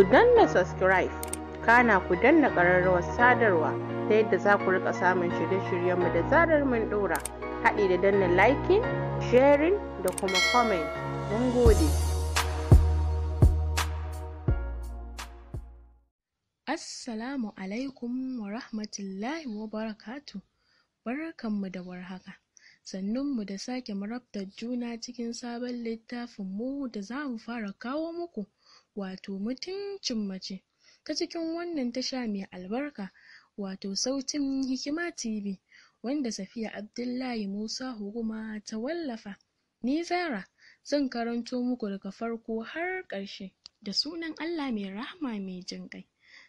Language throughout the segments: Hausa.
ku danna subscribe kana ku danna ƙararrawar sadarwa ta yadda za ku rika samun shirye-shiryenmu da zarar mun ɗora haɗi da danna liking sharing da kuma comment mun gode assalamu alaikum wa rahmatullahi wa barakatu barkanmu da warhaka sannunmu da sake marabtar juna cikin sabon littafin mu da za mu fara kawo muku wato mutuncin mace ta cikin wannan tasha mai albarka wato sautin hikima tv wanda safiya abdullahi musa huguma ta wallafa ni zara zan karanto muku daga farko har ƙarshe da sunan allah mai rahama mai jin ƙai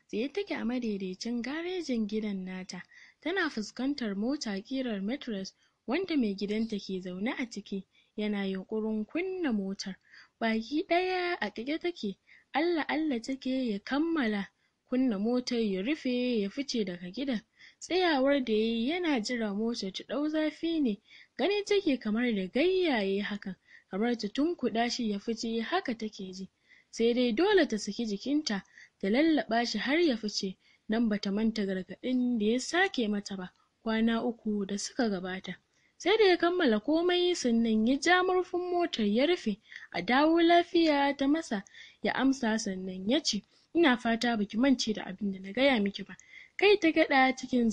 tsaye take a madaidaicin garejin gidan nata tana fuskantar mota ƙirar metros wanda mai gidanta ke zaune a ciki yana yunƙurin kunna motar baki ɗaya a ɗage take Allah Allah take ya kammala kunna motar ya rufe ya fice daga gidan tsayawar da yayi yana jira motar ta ɗau zafi ne gani take kamar da gayyaye hakan kamar ta tunkuɗa shi ya fice haka take ji sai dai dole ta saki jikinta ta lallaɓa shi har ya fice nan bata manta gargaɗin da ya sake mata ba kwana uku da suka gabata sai da ya kammala komai sannan ya ja murfin motar ya rufe a dawo lafiya ta masa ya amsa sannan ya ce ina fata baki mance da abin da na gaya miki ba kai ta gada cikin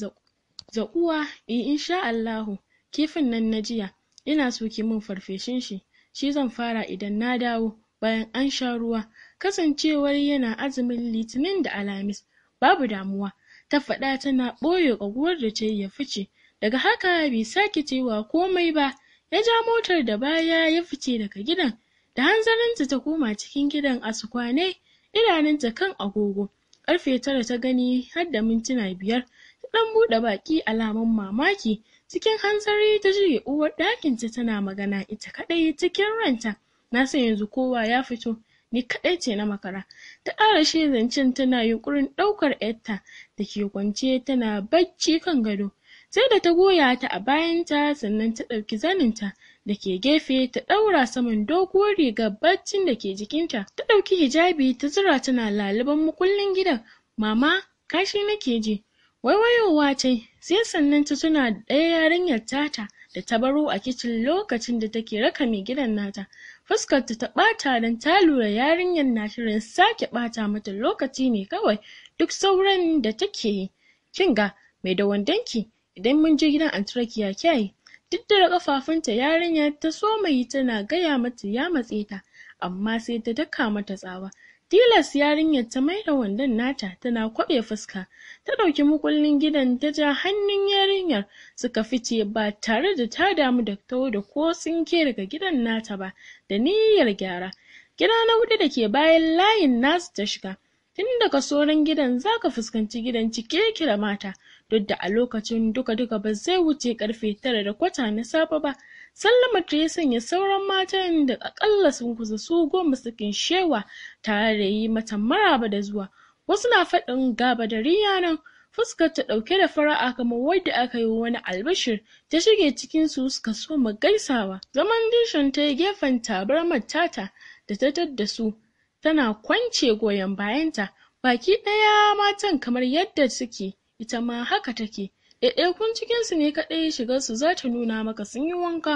zaƙuwa in eh, insha Allahu kifin nan na jiya ina so ki min farfeshin shi shi zan fara idan na dawo bayan an sha ruwa kasancewar yana azumin litinin da alhamis babu damuwa ta faɗa tana ɓoye ƙaguwar da ta yi ya fice daga haka bai sake cewa komai ba ya ja motar da baya ya fice daga gidan da hanzarinta ta koma cikin gidan a sukwane idanunta kan agogo karfe tara ta gani har da mintuna biyar ta dan buɗe baki alamun mamaki cikin hanzari ta juye uwar ɗakinta tana magana ita kadai cikin ranta na san yanzu kowa ya fito ni kadai ce na makara ta ƙara shi zancen tana yunkurin ɗaukar yarta da ke kwance tana bacci kan gado sai da ta goya ta a bayanta sannan ta ɗauki zaninta da ke gefe ta ɗaura saman doguwar rigar baccin da ke jikinta ta ɗauki hijabi ta zura tana laliban mukullin gidan mama kashi nake ji waiwayowa ce sai sannan ta tuna ɗaya yarinyar tata da ta baro a kicin lokacin da take raka mai gidan nata fuskarta ta ɓata don ta lura yarinyar na shirin sake ɓata mata lokaci ne kawai duk sauran da take yi kinga mai da wandonki idan mun je gidan anti kyai, duk da kafafunta yarinya ta soma yi tana gaya mata ya matse ta amma sai ta daka mata tsawa tilas yarinya ta mai da wandon nata tana kwaɓe fuska ta ɗauki mukullin gidan ta ja hannun yarinyar suka fice ba tare da ta damu da tawo da ko tsinke daga gidan nata ba da niyyar gyara gida na hudu da ke bayan layin nasu ta shiga tun daga soran gidan zaka fuskanci gidan cike yake da mata duk da a lokacin duka-duka ba zai wuce karfe tara da kwata na safe ba sallama ta ya sanya sauran matan da akalla sun kusa su goma sukin shewa tare da yi mata maraba da zuwa wasu na faɗin gaba da nan fuskar ta ɗauke da fara'a kamar wadda aka yi wani albashir ta shige cikin su suka so mu gaisawa zaman dishin ta yi gefen tabarmar tata da ta tadda su tana kwance goyon bayanta baki ɗaya matan kamar yadda suke ita ma haka take ɗaiɗaikun cikinsu ne kaɗai shigarsu za ta nuna maka sun yi wanka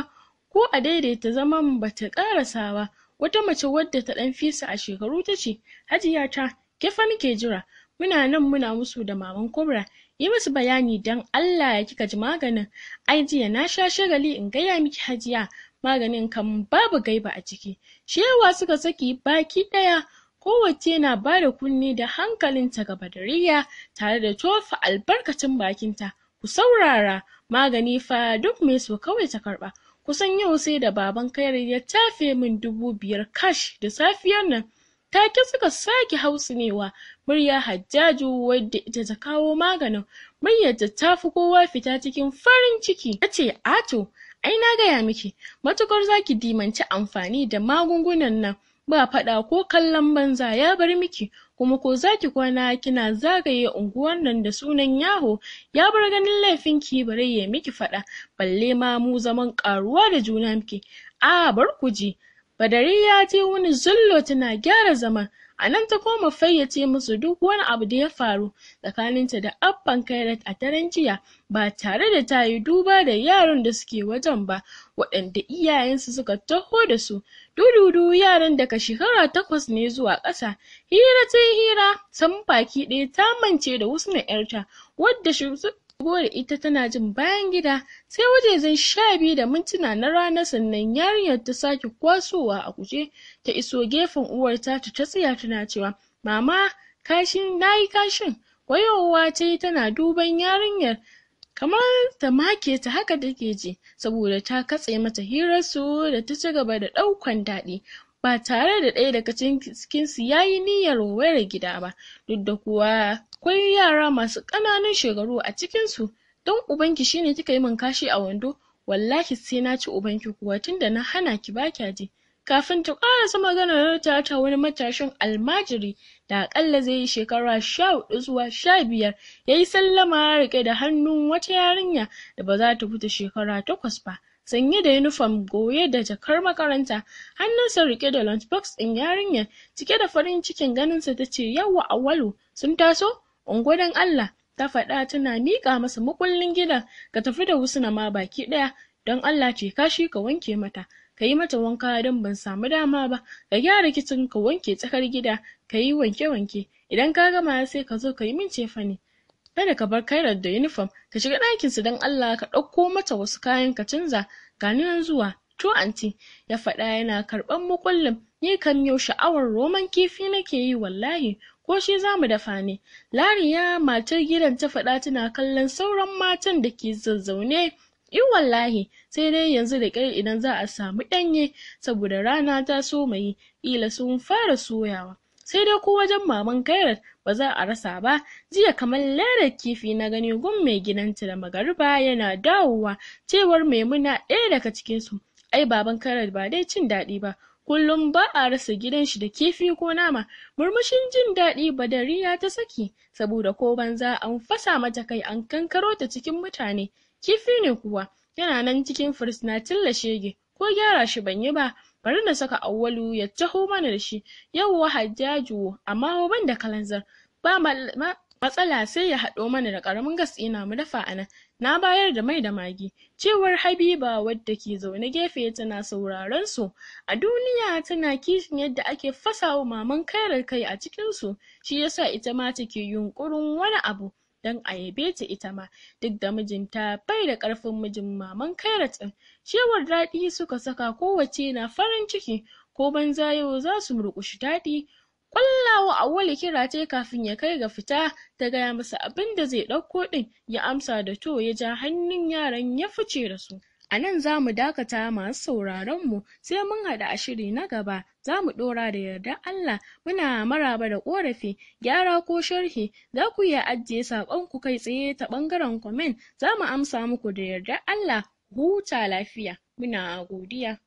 ko a daidaita zaman ba ta ƙarasa ba wata mace wadda ta ɗan fisa a shekaru ta ce hajiya ta ke muke jira muna nan muna musu da maman kubra yi musu bayani dan Allah ya kika ji maganin ai jiya na sha shagali in gaya miki hajiya maganin kan babu gaiba a ciki shewa suka saki baki ɗaya kowacce na ba da kunne da hankalinta ga Badariya tare da tofa albarkacin bakinta. Ku saurara, magani fa duk mai so kawai ta karɓa. Kusan yau sai da baban kayar ya tafe min dubu biyar kash da safiyar nan. Take suka sake hausinewa, murya Hajjaju wadda ita ta kawo maganin. muryar ta fi kowa fita cikin farin ciki. Ta ce, Ato, ai na gaya miki, matukar zaki dimanci amfani da magungunan nan. ba faɗa ko kallon banza ya bar miki kuma ko zaki kwana kina zagaye unguwan nan da sunan yaho ya bar ganin laifin ki bare ya miki faɗa balle ma mu zaman karuwa da juna miki a bar ku ji badari ya je wani zullo tana gyara zama. A nan ta koma fayyace musu duk wani abu da ya faru tsakaninta da Abban Kairat a daren jiya ba tare da ta yi duba da yaran da suke wajen ba waɗanda iyayensu suka taho da su. Dududu yaran daga shekara takwas ne zuwa ƙasa. Hira ta hira san baki ɗaya ta mance da wasu na 'yarta wadda shigo ita tana jin bayan gida sai waje wajejen sha biyu da mintuna na rana sannan yarinyar ta sake kwasowa a guje ta iso gefen uwar ta ta tsaya tana cewa mama kashin nayi kashin wayowa ta tana duban yarinyar kamar ta make ta haka take ji saboda ta katse mata hirar su da ta ci gaba da daukan daɗi ba tare da ɗaya daga cikinsu ya yi niyyar wayar gida ba, duk da kuwa akwai yara masu ƙananan shekaru a cikinsu. Don ubanki shi ne kika yi min kashi a wando, wallahi sai na ci ubanki kuwa tunda na hana ki ba kya ji. Kafin ta ƙarasa magana ta ta wani matashin almajiri da aƙalla zai yi shekara sha hudu zuwa sha biyar ya yi sallama riƙe da hannun wata yarinya da ba za ta wuce shekara takwas ba. sanye da yunifom goye da jakar makaranta, hannunsa rike da box ɗin yarinya cike da farin cikin ganinsa tace, a walo. sun taso? Ungo Allah!" ta faɗa tana miƙa masa makullin gida "Ka tafi da Husna ma baki ɗaya, don Allah ce shi ka wanke mata, ka yi mata wanka don ban samu dama ba, ka gyara kicin ka wanke tsakar gida, ka yi wanke-wanke, idan ka gama sai ka zo ka yi min cefane." Kada ka bar Kairat da yunifom, ka shiga ɗakinsa don Allah ka ɗauko mata wasu kayan ka canza, gani nan zuwa. To anti, ya faɗa yana karɓan mukullin, ni kam yau sha'awar roman kifi nake yi wallahi, ko shi za mu dafa ne. Lariya matar gidan ta faɗa tana kallon sauran matan da ke zazzaune In wallahi sai dai yanzu da ƙyar idan za a samu ɗanye saboda rana ta so mai ƙila sun fara soyawa. sai dai ko wajen maman Kairat ba za a rasa ba jiya kamar ledar kifi na gani gun mai gidanta da magariba yana dawowa cewar Maimuna ɗaya daga cikin su ai baban Kairat ba dai cin daɗi ba kullum ba a rasa gidan shi da kifi ko nama murmushin jin daɗi badariya ta saki saboda ko banza an fasa mata kai an kankaro ta cikin mutane kifi ne kuwa yana nan cikin firist na tilla shege ko gyara shi ban yi ba bari na saka Auwalu ya taho mana da shi yauwa Hajjaju amma ban da kalanzar ba matsala sai ya haɗo mana da ƙaramin gas ina mu dafa anan na bayar da mai da magi cewar Habiba wadda ke zaune gefe tana sauraron su a duniya tana kishin yadda ake fasawa maman kairar kai a cikin su shi yasa ita ma take yunkurin wani abu dan a yabe ta ita ma duk da mijinta bai da ƙarfin mijin maman kairat ɗin Cewar daɗi suka saka kowacce na farin ciki ko banza yau za su murƙushi daɗi. Ƙwallawa Auwalu kira ce kafin ya kai ga fita ta gaya masa abin da zai ɗauko ɗin ya amsa da to ya ja hannun yaran ya fice da su. A nan za mu dakata masu sauraron mu sai mun haɗu a shiri na gaba za mu ɗora da yardar Allah muna maraba da ƙorafi gyara ko sharhi za ku iya ajiye ku kai tsaye ta ɓangaren comment za mu amsa muku da yardar Allah huta lafiya. Muna godiya.